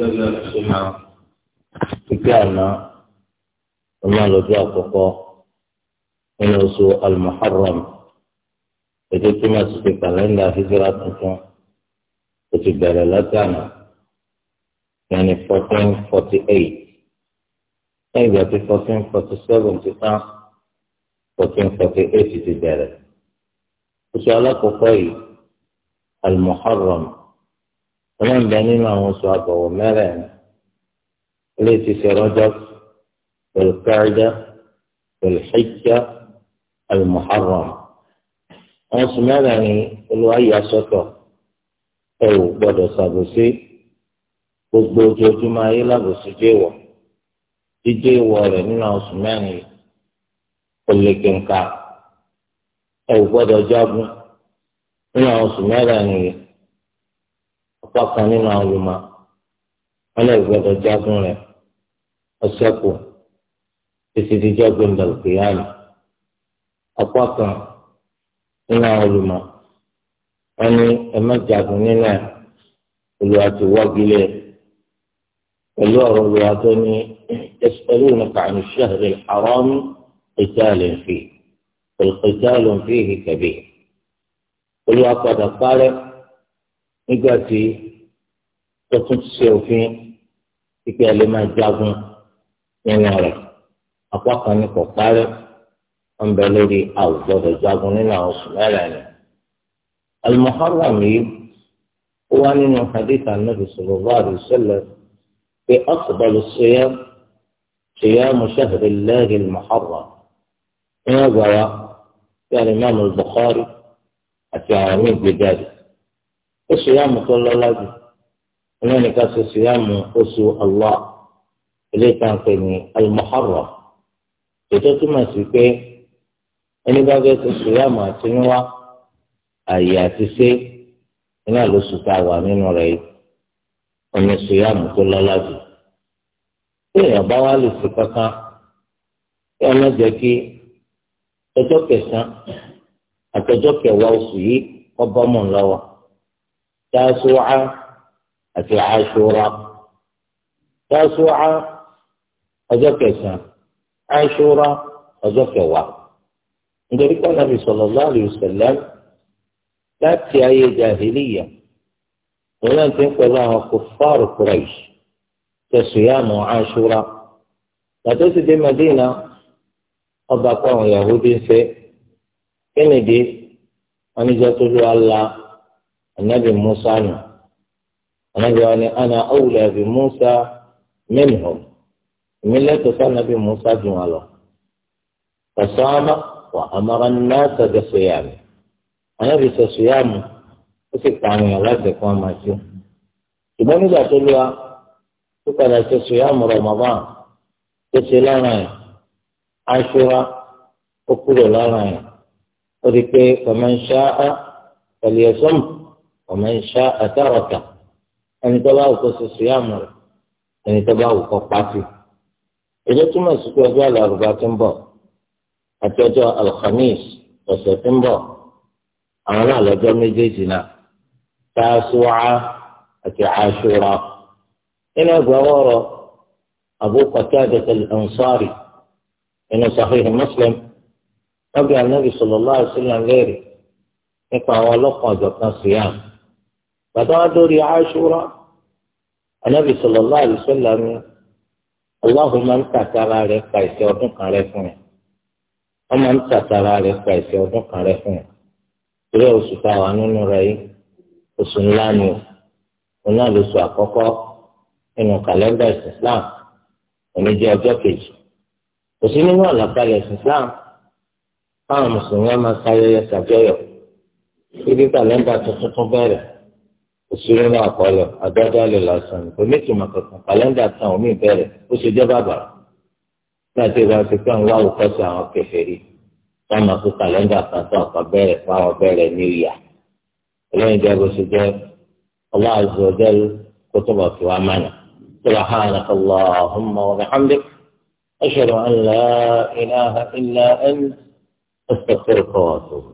gẹ́gẹ́ bí ọ̀sẹ̀ ṣe máa kíkẹ́ àná ọmọ lọ́jọ́ àkọ́kọ́ nínú oṣù al-muharram ètò tí màá ti fi kàlẹ́ndà hijira tuntun ó ti bẹ̀rẹ̀ látànà yẹnni fourteen forty eight lẹ́yìn ìgbà fourteen forty seven ti tán fourteen forty eight ti bẹ̀rẹ̀ oṣù alákọ̀ọ́kọ́ yìí al-muharram ọlọ́run bẹ nínú àwọn oṣù àbọ̀wọ̀ mẹ́rẹ̀ẹ̀rin ilé ti ṣe Rajab olùkọ́rẹ́dá olùṣẹ́jà al-Muharram àwọn oṣù mẹ́rẹ̀ẹ̀rin olùwàyà sọ́tọ̀ ẹ ò gbọ́dọ̀ ṣàbòsí gbogbo ojoojúmọ́ ayé lábòsí jẹ́wọ̀ jíjẹ́ ìwọ rẹ̀ nínú àwọn oṣù mẹ́rin kò lè gbọ́dọ̀ jágun nínú àwọn oṣù mẹ́rẹ̀ẹ̀rin apá kan nínú àwọn olùmọ̀ wọn lè gbọ́dọ̀ jagun rẹ̀ ọsẹkù títí díjọ gbẹndàlù kìyàmù apá kan nínú àwọn olùmọ̀ wọn ní ẹmọ jagun nínú ẹ olùwà ti wọgilé e. pẹ̀lú ọ̀rọ̀ olùwà tó ní ẹsẹlú nípa àmì sẹhìrì àrọmù ìtàlẹ fi ìtàlẹ fi kẹbí olùwà padà parẹ́. nígbà tí tó tún ṣe òfin kíkẹ́ ẹ lè máa jagun nínú rẹ̀ apá kan ní kò parẹ́ wọn bẹ lórí àwùjọ jagun nínú àwọn oṣù mẹ́rin mẹ́rẹ̀ẹ̀rin. المحرم yìí ó wá nínú hadith anabi sọlọ́bà alaihi wasallam pé أفضل الصيام صيام شهر الله المحرم ní ọgbà wa kí bí alimami Bukhari àti àwọn míì gbé jáde. ó sùyàmù tó lọ́lá jù ìyẹn nìkan ṣe sùyàmù oṣù allah ilé ìtànkè ní al-muharram ètò túmọ̀ sí pé ẹni bá fẹ́ ṣe sùyàmù àtinúwá àyè àti ṣe iná ló sùn tá a wà nínú rẹ̀ yìí ọ̀nà sùyàmù tó lọ́lá jù tí èèyàn bá wá lè ṣe kankan kí ọmọ jẹ́ kí ọjọ́ kẹsàn-án àtọjọ́ kẹwàá oṣù yìí kọ́ bọ́mọ̀ lọ́wọ́ tásùwà àti àṣùrà tásùwà ọjọ́ kẹsàn-án àṣùrà ọjọ́ kẹwàá nítorí pé Ànábì sallallahu alaihi wasallam láti ayé jàhìlìyà wọn náà ti ń pẹ̀lú àwọn kòfàrù Quraysh tẹ̀sùn yá mọ́ àṣùrà pàtó sì dé Madina ọba kọ́ àwọn Yahudi ń fẹ́ kí nìdí wọn níjọ́ tó lọ́ọ́ la anabi musa nù anabi wa ni ana awùlẹ̀ bi musa minhum èmi lẹ́tọ̀ọ́ sí anabi musa jù wọn lọ fasama wa amara an-nasa bi siyam anabi sọ siyam ó sì pa àwọn èèyàn láti kọ́ ọmọ sí ṣùgbọ́n nígbà tó lọ́wọ́ tó padà ṣe siyam Ramadan tó ṣe lára ẹ̀ Ashura ó kúrò lára ẹ̀ ó di pé faman sha'a falyasum ọmọ ìṣá àtàràtà ẹni tó bá wù kó ṣe síyàmù rẹ̀ ẹni tó bá wù kó pàṣẹ. èdè túmọ̀ sí pé ọjọ́ àlàrúbá ti ń bọ̀ àti ọjọ́ alhamis ọ̀sẹ̀ ti ń bọ̀ àwọn náà lọ́jọ́ méjèèjì náà tàṣùwà àti àṣùrà nínú ẹgbẹ́ ọ̀rọ̀ Abu Qatadah ansari nínú Sahih Muslim wọ́n bí Ànábì sallallahu alaihi wasallam léèrè nípa àwọn ọlọ́kan ọ̀jọ̀kan síyàmù bàtà wọn dórí aṣúra anábì sallallahu alaihi wasallam ọlọ́hun máa ń tàtàrà rẹ̀ pa ìṣe ọdún kan rẹ̀ fún ẹ̀ wọ́n máa ń tàtàrà rẹ̀ pa ìṣe ọdún kan rẹ̀ fún ẹ̀ torí oṣù tá a wà nínú rẹ̀ yìí oṣù ńlá ni o òun náà lóṣù àkọ́kọ́ nínú kàlẹ́ndà ìsìn Islam òní jẹ́ ọjọ́ kejì kò nínú àlàkalẹ̀ ìsìn Islam fáwọn mùsùlùmí máa sáyẹyẹ tàbí ọyọ ibi kàlẹ́ndà tuntun bẹ̀rẹ̀ òṣèré náà kọlọ àdádálẹ lásán kò ní ìtumọ̀ kankan kàlẹ́ndà tán omi ìbẹ̀rẹ̀ ó ṣe jẹ́ bàbà láti bá ti pẹ́ ń wá òkọ́sí àwọn kèfèrí wọ́n máa fi kàlẹ́ndà kan tán ọ̀kan bẹ̀rẹ̀ fún àwọn bẹ̀rẹ̀ ní ìyá ẹlẹ́yìn jẹ́ bó ṣe jẹ́ Allah azza kó tó bọ̀ fi wá mánà subhanak Allahumma wa bihamdik ashhadu an la ilaha illa anta astaghfiruka wa atubu